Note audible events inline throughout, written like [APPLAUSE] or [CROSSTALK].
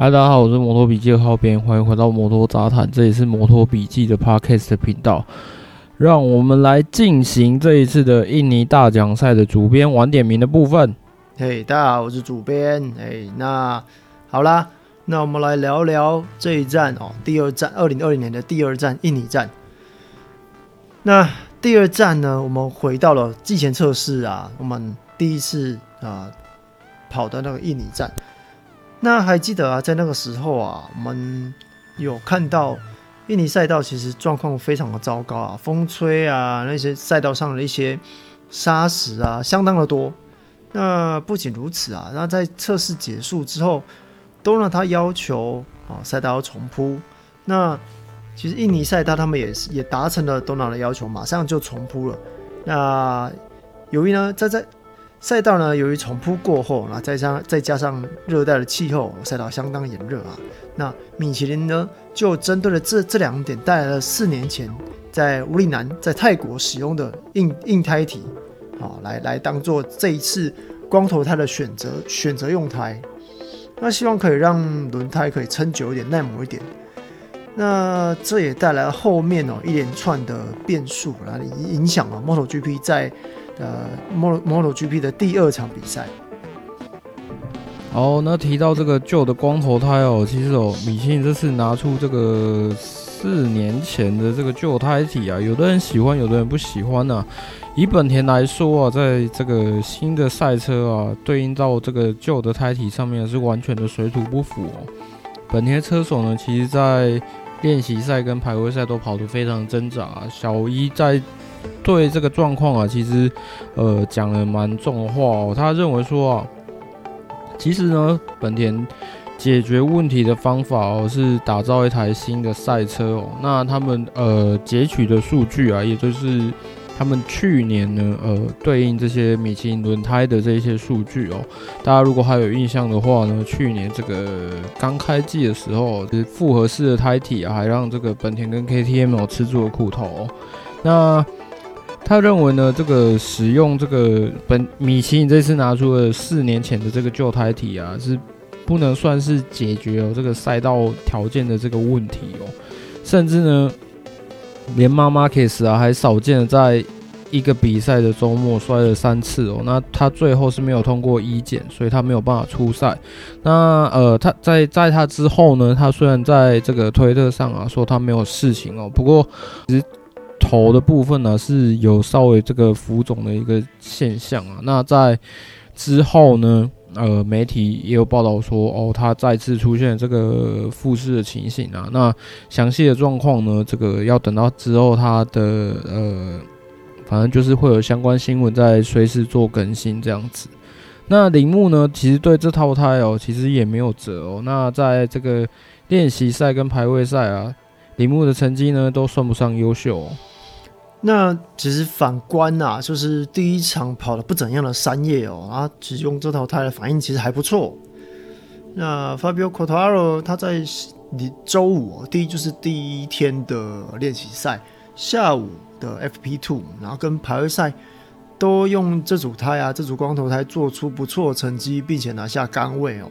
嗨，大家好，我是摩托筆記的浩編，歡迎回到摩托雜談，這裡是摩托筆記的 Podcast 頻道。讓我們來進行這一次的印尼大獎賽的主編晚點名的部分。嘿，hey, 大家好，我是主編。嘿、hey，那好啦，那我們來聊聊這一站哦，第二站，二零二零年的第二站印尼站。那第二站呢，我們回到了季前測試啊，我們第一次啊、呃、跑的那個印尼站。那還記得啊，在那個時候啊，我們有看到印尼賽道其實狀況非常的糟糕啊，風吹啊，那些賽道上的一些沙石啊，相當的多。那不僅如此啊，那在測試結束之後，Dorna 他要求啊賽道要重鋪。那其實印尼賽道他們也是也達成了 Dorna 的要求，馬上就重鋪了。那由於呢，在在賽道呢，由於重鋪過後，再加再加上熱帶的氣候，賽道相當炎熱啊。那米其林呢，就針對了這這兩點，帶來了四年前在武里南在泰國使用的硬硬胎體，啊，來來當做這一次光頭胎的選擇，選擇用胎，那希望可以讓輪胎可以撐久一點，耐磨一點。那這也帶來後面哦一連串的變數，來影響了 MotoGP 在呃，MotoGP 的第二場比賽。好，那提到這個舊的光頭胎哦，其實哦，米信這次拿出這個四年前的這個舊胎體啊，有的人喜歡，有的人不喜歡呢、啊。以本田來說啊，在這個新的賽車啊，對應到這個舊的胎體上面是完全的水土不服、哦。本田車手呢，其實，在練習賽跟排位賽都跑得非常掙扎、啊。小一在。對這個狀況啊，其實，呃，講了蠻重的話哦。他認為說啊，其實呢，本田解決問題的方法哦，是打造一台新的賽車哦。那他們呃截取的數據啊，也就是他們去年呢，呃，對應這些米其林輪胎的這些數據哦。大家如果還有印象的話呢，去年這個剛開季的時候，這複合式的胎體啊，還讓這個本田跟 KTM 吃住了苦頭哦。那他認為呢，這個使用這個本米其林，你這次拿出了四年前的這個舊胎體啊，是不能算是解決了這個賽道條件的這個問題哦。甚至呢，連媽媽 case 啊，還少見了在一個比賽的週末摔了三次哦。那他最後是沒有通過醫檢，所以他沒有辦法出賽。那呃，他在在他之後呢，他雖然在這個推特上啊說他沒有事情哦，不過其實。頭的部分呢，啊，是有稍微這個浮腫的一個現象啊，那在之後呢，呃，媒體也有報道說哦，他再次出現這個複視的情形啊，那詳細的狀況呢，這個要等到之後他的呃，反正就是會有相關新聞在隨時做更新這樣子。那鈴木呢，其實對這套胎哦，其實也沒有轍哦，那在這個練習賽跟排位賽啊。李牧的成績呢，都算不上優秀哦。那其實反觀啊，就是第一場跑的不怎樣的三夜山葉哦，啊，只用這套胎的反應其實還不錯。那 Fabio Quartararo 他在你周五哦，第一就是第一天的練習賽下午的 FP Two，然後跟排位賽都用這組胎啊，這組光頭胎做出不錯成績，並且拿下桿位哦。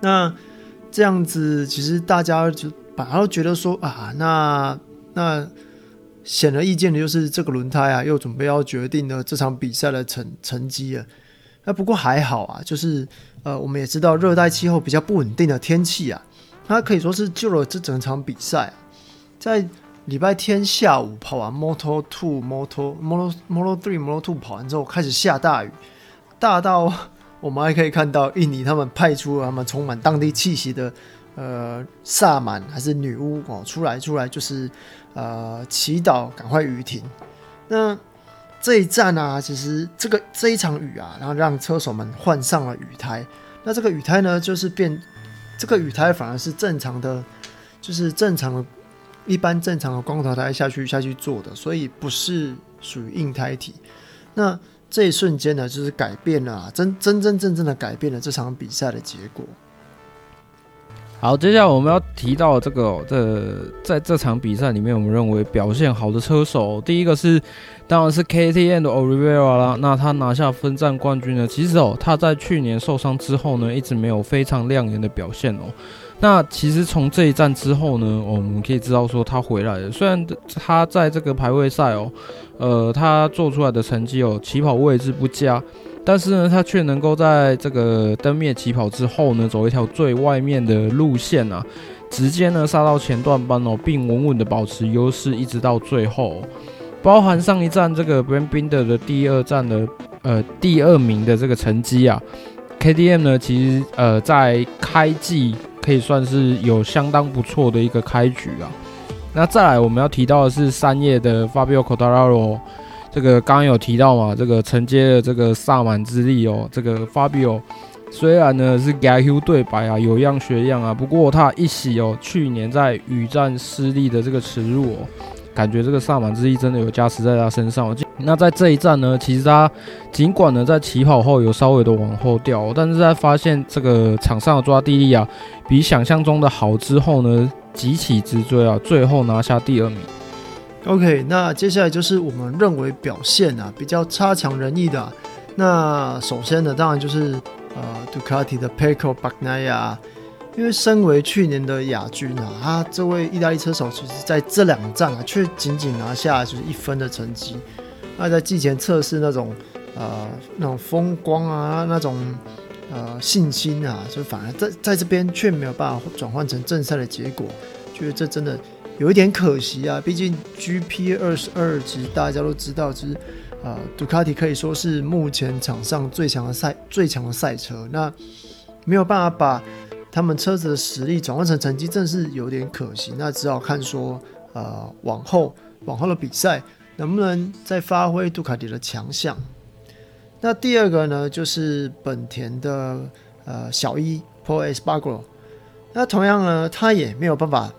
那這樣子，其實大家就。反而覺得說啊，那那顯而易見的就是這個輪胎啊，又準備要決定了這場比賽的成成績了。那不過還好啊，就是呃，我們也知道熱帶氣候比較不穩定的天氣啊，它可以說是救了這整場比賽。在禮拜天下午跑完 Moto Two、Moto Moto Moto Three、Moto Two 跑完之後，開始下大雨，大到我們還可以看到印尼他們派出了他們充滿當地氣息的。呃，薩滿還是女巫哦，出來出來就是，呃，祈禱趕快雨停。那這一站啊，其實這個這一場雨啊，然後讓車手們換上了雨胎。那這個雨胎呢，就是變，這個雨胎反而是正常的，就是正常的一般正常的光頭胎下去下去做的，所以不是屬於硬胎體。那這一瞬間呢，就是改變了，真真真正正的改變了這場比賽的結果。好，接下來我們要提到這個、哦，在在這場比賽裡面，我們認為表現好的車手、哦，第一個是，當然是 KTM 的 Oliveira 啦。那他拿下分站冠軍呢，其實哦，他在去年受傷之後呢，一直沒有非常亮眼的表現哦。那其實從這一站之後呢、哦，我們可以知道說他回來了。雖然他在這個排位賽哦，呃，他做出來的成績哦，起跑位置不佳。但是呢，他卻能夠在這個燈滅起跑之後呢，走一條最外面的路線啊，直接呢殺到前段班哦，並穩穩的保持優勢，一直到最後，哦，包含上一站這個，Brad Binder 的第二站的呃第二名的這個成績啊，KTM 呢其實呃在開季可以算是有相當不錯的一個開局啊。那再來我們要提到的是三葉的 Fabio Quartararo 這個剛剛有提到嘛，這個承接了這個薩滿之力哦，這個 Fabio 雖然呢是 G I Q 對白啊，有樣學樣啊，不過他一雪哦，去年在雨戰失利的這個恥辱哦，感覺這個薩滿之力真的有加持在他身上哦。那在這一戰呢，其實他儘管呢在起跑後有稍微的往後掉哦，但是在發現這個場上的抓地力啊比想象中的好之後呢，急起直追啊，最後拿下第二名。OK，那接下來就是我們認為表現啊比較差強人意的、啊。那首先呢，當然就是呃杜卡蒂的佩科·巴格納亞，因為身為去年的亞軍啊，他這位意大利車手其實在這兩站啊卻僅僅拿下就是一分的成績。那在季前測試那種呃那種風光啊，那種呃信心啊，所以反而在在這邊卻沒有辦法轉換成正賽的結果，覺得這真的。有一點可惜啊，畢竟 GP 二十二其實大家都知道，其實呃杜卡迪可以說是目前場上最強的賽最強的賽車，那沒有辦法把他們車子的實力轉換成成績，正是有點可惜。那只好看說呃往後往後的比賽能不能再發揮杜卡迪的強項。那第二個呢，就是本田的呃小一 Pol Espargaró 那同樣呢，他也沒有辦法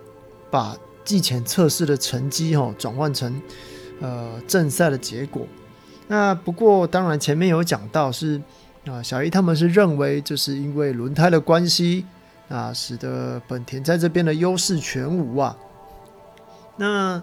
把。季前測試的成績哦，轉換成呃正賽的結果。那不過當然前面有講到是啊、呃，小伊他們是認為就是因為輪胎的關係啊，呃，使得本田在這邊的優勢全無啊。那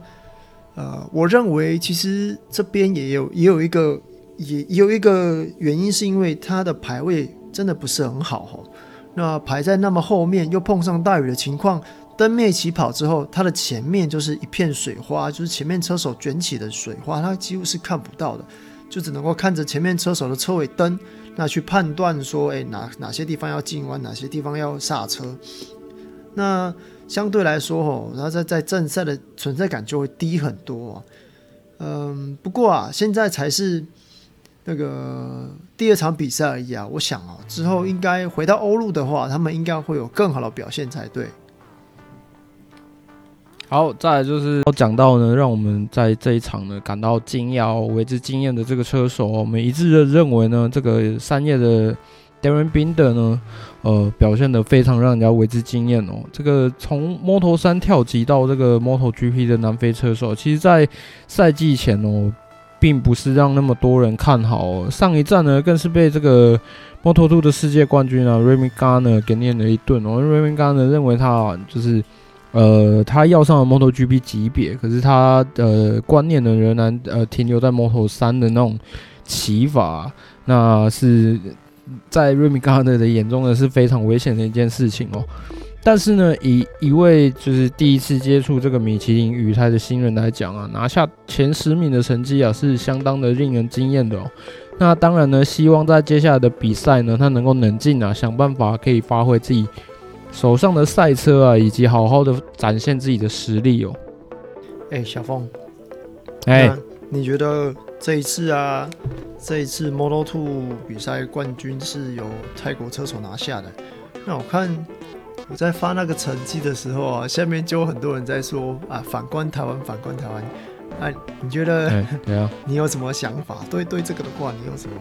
呃，我認為其實這邊也有也有一個也，也有一個原因，是因為他的排位真的不是很好哈，哦。那排在那麼後面，又碰上大雨的情況。燈滅起跑之後，它的前面就是一片水花，就是前面車手捲起的水花，他幾乎是看不到的，就只能夠看着前面車手的車尾燈，那去判斷說，哎、欸，哪哪些地方要進彎，哪些地方要剎車。那相對來說、哦，吼，然後在在正賽的存在感就會低很多、啊。嗯，不過啊，現在才是那個第二場比賽而已啊，我想啊、哦，之後應該回到歐陸的話，他們應該會有更好的表現才對。好，再來就是要講到呢，讓我們在這一場呢感到驚訝、喔、為之驚艷的這個車手、喔，我們一致的認為呢，這個三葉的 Darryn Binder 呢，呃，表現得非常讓人家為之驚艷哦。這個從 Moto 三跳級到這個 Moto GP 的南非車手，其實在賽季前哦、喔，並不是讓那麼多人看好、喔。上一站呢，更是被這個 Moto 2的世界冠軍啊，Remy Gardner 給念了一頓哦、喔。因為 Remy Gardner 認為他就是。呃，他要上了 MotoGP 級別，可是他的、呃、觀念呢，仍然呃停留在 Moto3 的那種騎法、啊，那是在瑞米·嘎納的眼中呢是非常危險的一件事情哦。但是呢，一一位就是第一次接觸這個米其林雨胎的新人來講啊，拿下前十名的成績啊，是相當的令人驚艷的哦。那當然呢，希望在接下來的比賽呢，他能夠冷靜啊，想辦法可以發揮自己。手上的賽車啊，以及好好的展現自己的實力哦、喔。哎、欸，小鳳，哎、欸，你覺得這一次啊，這一次 Moto2 比賽冠軍是由泰國車手拿下的。那我看我在發那個成績的時候啊，下面就有很多人在說啊，反觀台灣，反觀台灣。哎、啊，你覺得？欸，對啊，你有什麼想法？對對，這個的話你有什麼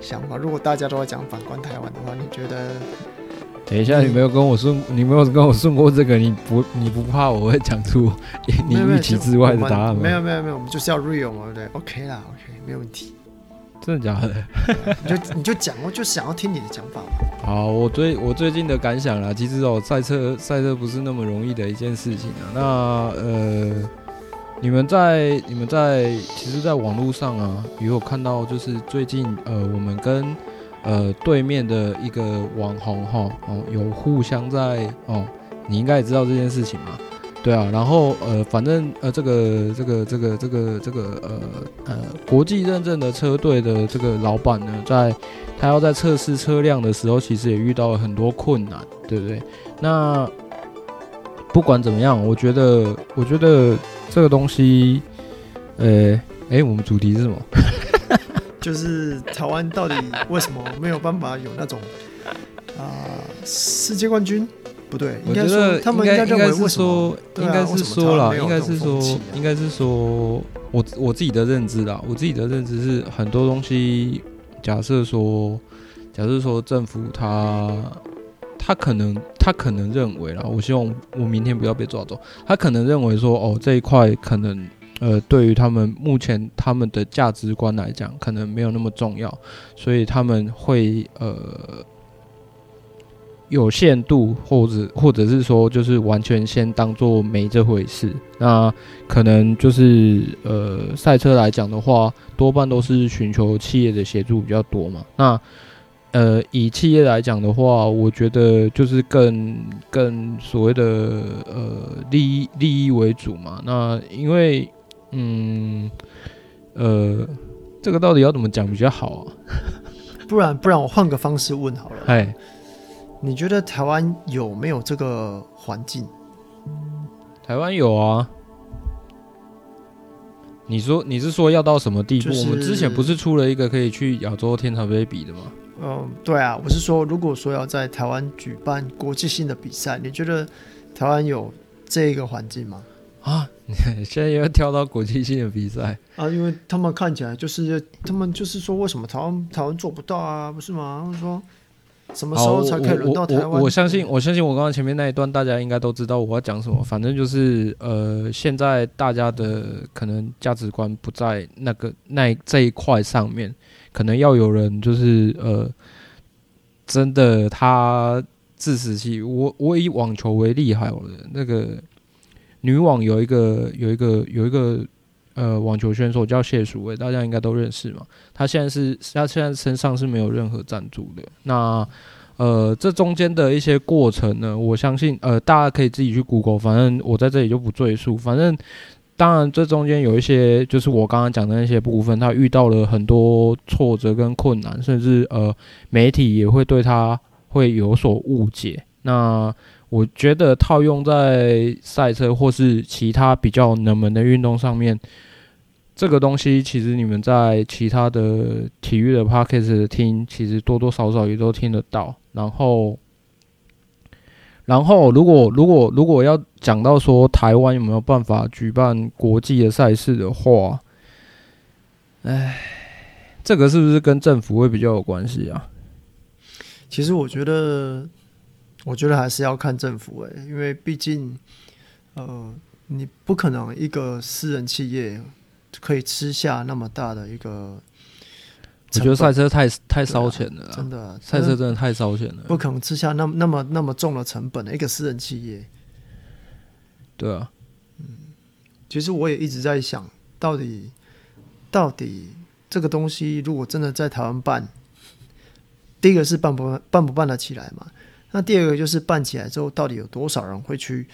想法？如果大家都要講反觀台灣的話，你覺得？等一下，你沒有跟我說，你沒有跟我說過這個，你不，你不怕我會講出你預期之外的答案嗎？沒有沒有沒有，我們就是要 real 嘛，對，OK 啦，OK，沒有問題。真的假的、啊？你就 [LAUGHS] 你就講，我就想要聽你的講法嘛。好，我最我最近的感想啦，其實哦，賽車賽車不是那麼容易的一件事情啊。那呃，你們在你們在，其實，在網絡上啊，也有看到，就是最近呃，我們跟。呃，對面的一個網紅哈，哦，有互相在哦，你應該也知道這件事情嘛，對啊，然後呃，反正呃，這個這個這個這個這個呃呃，國際認證的車隊的這個老闆呢，在他要在測試車輛的時候，其實也遇到了很多困難，對不對？那不管怎麼樣，我覺得，我覺得這個東西，呃，誒，我們主題是什麼？ [LAUGHS] 就是台灣到底為什麼沒有辦法有那種啊、呃、世界冠軍？不對，我覺得他們應該應該認為為什麼，應該是說啦，啊啊、應該是說，應該是說我我自己的認知啦。我自己的認知是很多東西。假設說，假設說政府他他可能他可能認為啦，我希望我明天不要被抓走。他可能認為說，哦，這一塊可能。呃，對於他們目前他們的價值觀來講，可能沒有那麼重要，所以他們會呃有限度，或者，或者是說就是完全先當做沒這回事。那可能就是呃賽車來講的話，多半都是尋求企業的協助比較多嘛。那呃以企業來講的話，我覺得就是更更所謂的呃利益利益為主嘛。那因為嗯，呃，這個到底要怎麼講比較好啊？ [LAUGHS] 不然不然我換個方式問好了。哎嘿，你覺得台灣有沒有這個環境？台灣有啊。你說你是說要到什麼地步？就是、我們之前不是出了一個可以去亞洲天才杯比的嗎？嗯，對啊，我是說，如果說要在台灣舉辦國際性的比賽，你覺得台灣有這個環境嗎？啊！現在又跳到國際性的比賽啊！因為他們看起來就是，他們就是說，為什麼台灣台灣做不到啊？不是嗎？就是、說什麼時候才可以輪到台灣？我相信，我相信我剛剛前面那一段，大家應該都知道我要講什麼。反正就是，呃，現在大家的可能價值觀不在那個那這一塊上面，可能要有人就是，呃，真的他自食其。我我以網球為例，好了，那個。女網有一個有一個有一個呃網球選手叫謝淑薇，大家應該都認識嘛。她現在是她現在身上是沒有任何贊助的。那呃這中間的一些過程呢，我相信呃大家可以自己去 Google，反正我在這裡就不贅述。反正當然這中間有一些就是我剛剛講的那些部分，她遇到了很多挫折跟困難，甚至呃媒體也會對她會有所誤解。那我覺得套用在賽車或是其他比較冷門的運動上面，這個東西其實你們在其他的體育的 podcast 的聽，其實多多少少也都聽得到。然後，然後如果如果如果要講到說台灣有沒有辦法舉辦國際的賽事的話，哎，這個是不是跟政府會比較有關係啊？其實我覺得。我覺得還是要看政府、欸、因為畢竟，呃，你不可能一個私人企業可以吃下那麼大的一個。我覺得賽車太太燒錢了、啊，真的賽、啊、車真的太燒錢了，不可能吃下那麼那麼那麼重的成本的、欸、一個私人企業。對啊，嗯，其實我也一直在想，到底到底這個東西如果真的在台灣辦，第一個是辦不辦辦不辦得起來嘛？那第二個就是辦起來之後，到底有多少人會去，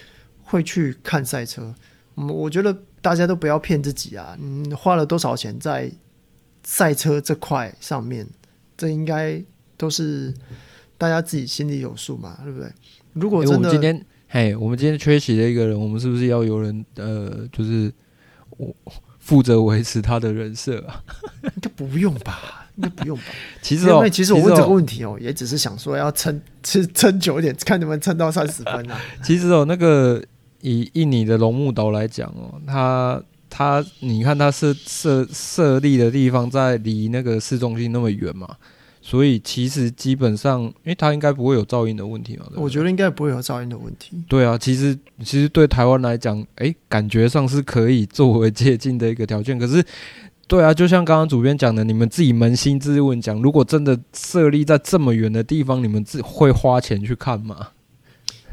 會去看賽車？我覺得大家都不要騙自己啊！你，嗯、花了多少錢在賽車這塊上面，這應該都是大家自己心裡有數嘛，對不對？如果真的，欸、我們今天嘿我們今天缺席的一個人，我們是不是要有人呃，就是我負責維持他的人設啊？這 [LAUGHS] 不用吧？那不用吧？ [LAUGHS] 其實因為、喔、其實我問這個問題哦、喔，喔、也只是想說要撐，吃撐久一點，看能不能撐到三十分啊。 [LAUGHS] 其實哦、喔，那個以印尼的龍目島來講哦、喔，它它，你看它是設設立的地方在離那個市中心那麼遠嘛，所以其實基本上，因為它應該不會有噪音的問題嘛。對不對？我覺得應該不會有噪音的問題。對啊，其實其實對台灣來講，誒、欸，感覺上是可以作為接近的一個條件，可是。對啊，就像剛剛主編講的，你們自己捫心自問：講，如果真的設立在這麼遠的地方，你們自己會花錢去看嗎？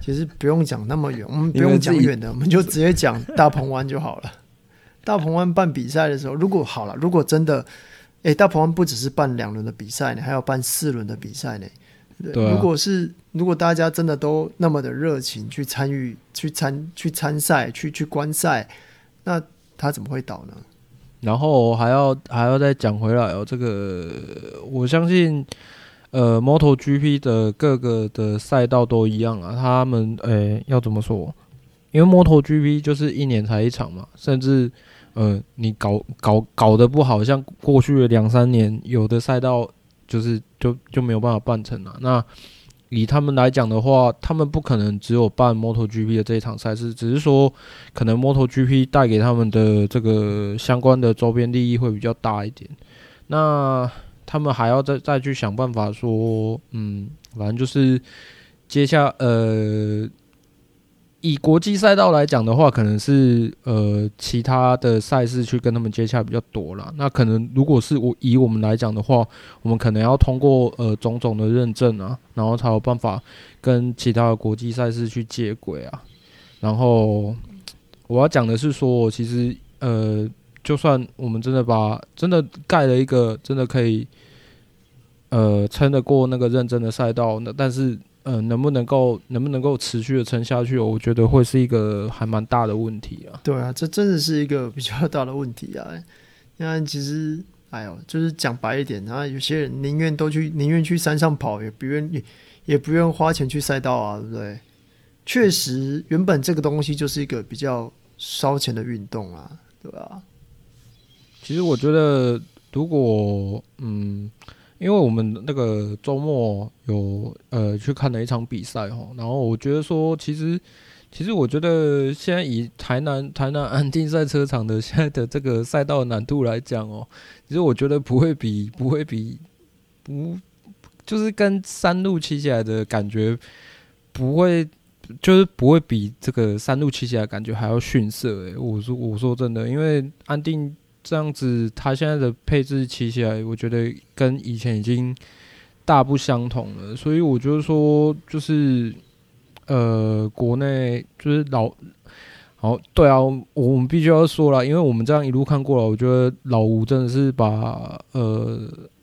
其實不用講那麼遠，我們不用講遠的，們我們就直接講大鵬灣就好了。 [LAUGHS] 大鵬灣辦比賽的時候，如果好了，如果真的，哎，大鵬灣不只是辦兩輪的比賽呢，還要辦四輪的比賽呢。對啊，如果是如果大家真的都那麼的熱情去參與、去參、去參賽、去去觀賽，那他怎麼會倒呢？然後還要還要再講回來哦，這個我相信，呃，MotoGP 的各個的賽道都一樣啊。他們誒要怎麼說？因為 MotoGP 就是一年才一場嘛，甚至呃你搞搞搞得不好，像過去的兩三年，有的賽道就是就就，就沒有辦法辦成了。那以他們來講的話，他們不可能只有辦 MotoGP 的這一場賽事，只是說可能 MotoGP 帶給他們的這個相關的週邊利益會比較大一點。那他們還要再再去想辦法說，嗯，反正就是接下來，呃。以國際賽道來講的話，可能是呃其他的賽事去跟他們接洽，比較多啦。那可能如果是我以我們來講的話，我們可能要通過呃種種的認證啊，然後才有辦法跟其他的國際賽事去接軌啊。然後我要講的是說，其實呃，就算我們真的把真的蓋了一個真的可以呃撐得過那個認證的賽道，那但是。嗯、呃，能不能夠能不能夠持續的撐下去、哦？我覺得會是一個還蠻大的問題啊。對啊，這真的是一個比較大的問題啊、欸。那其實，哎呦，就是講白一點，然後有些人寧願都去，寧願去山上跑，也不願也，也不願花錢去賽道啊，對不對？確實，原本這個東西就是一個比較燒錢的運動啊，對吧、啊？其實，我覺得，如果，嗯。因為我們那個周末有呃去看了一場比賽哦，然後我覺得說，其實其實我覺得現在以台南台南安定賽車場的現在的這個賽道難度來講哦，其實我覺得不會比不會比不就是跟山路騎起來的感覺不會就是不會比這個山路騎起來的感覺還要遜色誒、欸，我說我說真的，因為安定，這樣子，他現在的配置騎起來，我覺得跟以前已經大不相同了。所以，我就是說，就是呃，國內就是老，好對啊，我們必須要說了，因為我們這樣一路看過了，我覺得老吳真的是把呃，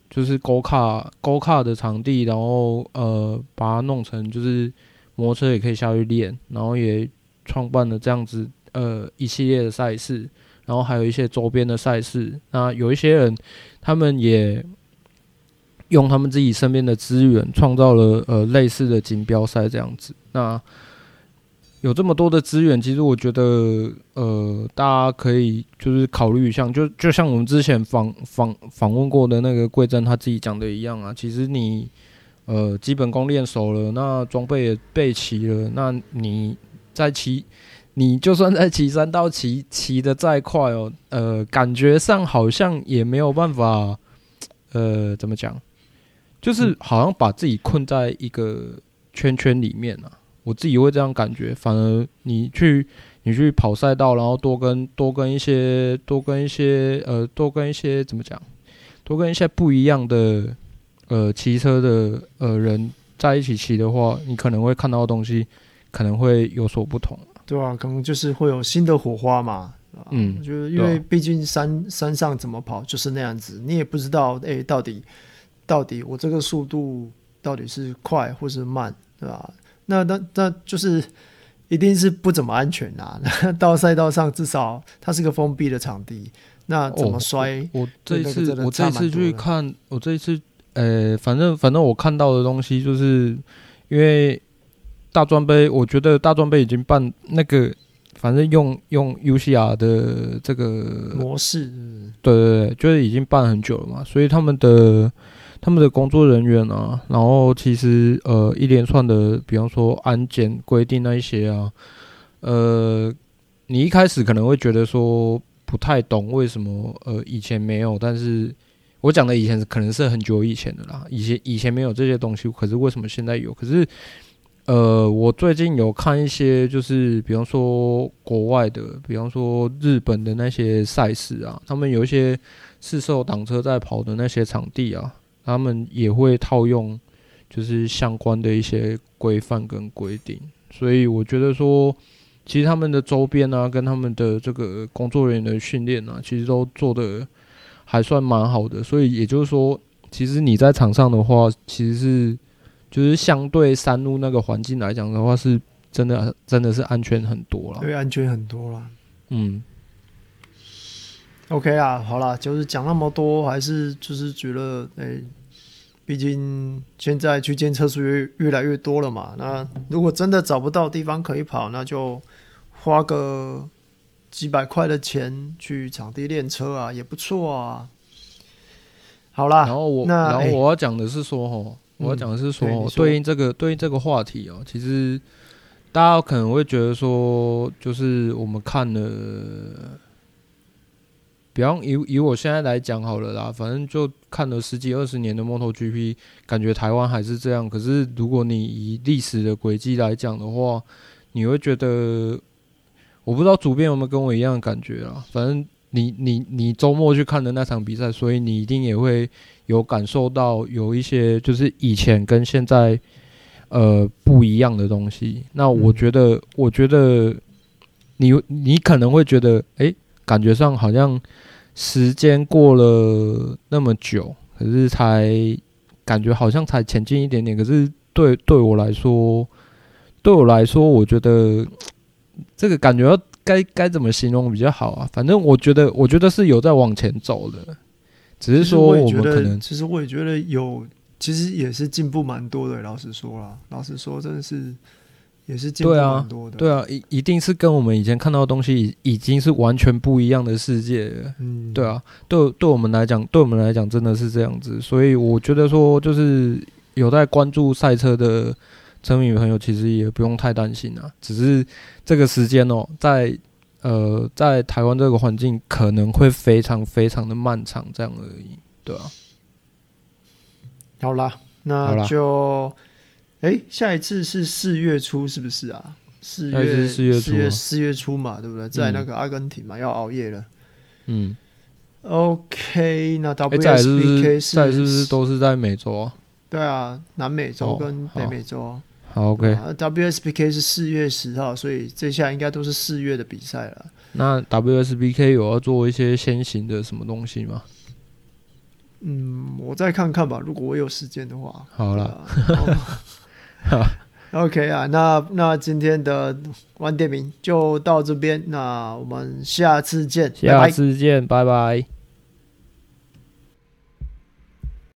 就是高卡高卡的場地，然後呃，把它弄成就是摩托車也可以下去練，然後也創辦了這樣子呃一系列的賽事。然後還有一些周邊的賽事，那有一些人，他們也用他們自己身邊的資源創造了呃類似的錦標賽這樣子。那有這麼多的資源，其實我覺得呃，大家可以就是考慮一下，就就像我們之前訪訪訪問過的那個桂珍他自己講的一樣啊，其實你呃基本功練熟了，那裝備也備齊了，那你在其你就算在騎山道騎騎得再快哦，呃，感覺上好像也沒有辦法，呃，怎麼講，就是好像把自己困在一個圈圈裡面啊。我自己會這樣感覺。反而你去你去跑賽道，然後多跟多跟一些多跟一些呃多跟一些怎麼講，多跟一些不一樣的呃騎車的呃人在一起騎的話，你可能會看到的東西可能會有所不同。對啊，可能就是會有新的火花嘛，嗯，就是因為畢竟山、啊、山上怎麼跑就是那樣子，你也不知道誒，到底到底我這個速度到底是快或是慢，對吧？那那那就是一定是不怎麼安全啦，啊。到賽道上至少它是個封閉的場地，那怎麼摔，哦我？我這一次我這一次去看，我這一次呃，反正反正我看到的東西就是因為。大專盃，我覺得大專盃已經辦那個，反正用用 UCR 的這個模式是不是，對對對，就是已經辦很久了嘛。所以他們的他們的工作人員啊，然後其實呃一連串的，比方說安檢規定那一些啊，呃，你一開始可能會覺得說不太懂為什麼，呃，以前沒有，但是我講的以前可能是很久以前的啦，以前以前沒有這些東西，可是為什麼現在有？可是。呃，我最近有看一些，就是比方說國外的，比方說日本的那些賽事啊，他們有一些市售擋車在跑的那些場地啊，他們也會套用就是相關的一些規範跟規定，所以我覺得說，其實他們的周邊啊，跟他們的這個工作人員的訓練啊，其實都做得還算蠻好的，所以也就是說，其實你在場上的話，其實是。就是相對山路那個環境來講的話，是真的，真的是安全很多了。對，安全很多了。嗯，OK 啊，好了，就是講那麼多，還是就是覺得，哎、欸，畢竟現在去監車數越越來越多了嘛。那如果真的找不到地方可以跑，那就花個幾百塊的錢去場地練車啊，也不錯啊。好啦，然後我，那然後我要講、欸、的是說，哦。我講的是說，對應這個對應這個話題哦、喔，其實大家可能會覺得說，就是我們看了，比方以以我現在來講好了啦，反正就看了十幾二十年的 MotoGP，感覺台灣還是這樣。可是如果你以歷史的軌跡來講的話，你會覺得，我不知道主編有沒有跟我一樣的感覺啊。反正你你你周末去看的那場比賽，所以你一定也會。有感受到有一些就是以前跟現在呃不一樣的東西，那我覺得，嗯、我覺得你你可能會覺得，誒、欸，感覺上好像時間過了那麼久，可是才感覺好像才前進一點點，可是對對我來說，對我來說，我覺得這個感覺該該怎麼形容比較好啊？反正我覺得，我覺得是有在往前走的。只是說，我們可能其實，其實我也覺得有，其實也是進步蠻多的。老實說啦，老實說，真的是也是進步蠻多的。對啊，對啊，一一定是跟我們以前看到的東西已經是完全不一樣的世界。嗯，對啊，對，對我們來講，對我們來講真的是這樣子。所以我覺得說，就是有在關注賽車的車迷朋友，其實也不用太擔心啊。只是這個時間哦、喔，在。呃，在台灣這個環境可能會非常非常的漫長，這樣而已，對啊，好啦，那就，哎啦、欸，下一次是四月初，是不是啊？四月四月四、啊、月，月初嘛，對不對？在那個阿根廷嘛，嗯、要熬夜了。嗯，OK，那 WSBK 是、欸、是，不是，是不是都是在美洲、啊？對啊，南美洲跟北美洲。哦好，OK。啊、WSBK 是四月十號，所以這下應該都是四月的比賽了。那 WSBK 有要做一些先行的什麼東西嗎？嗯，我再看看吧，如果我有時間的話。好了，OK 啊，那那今天的晚點名就到這邊，那我們下次見，下次見，拜拜。拜拜。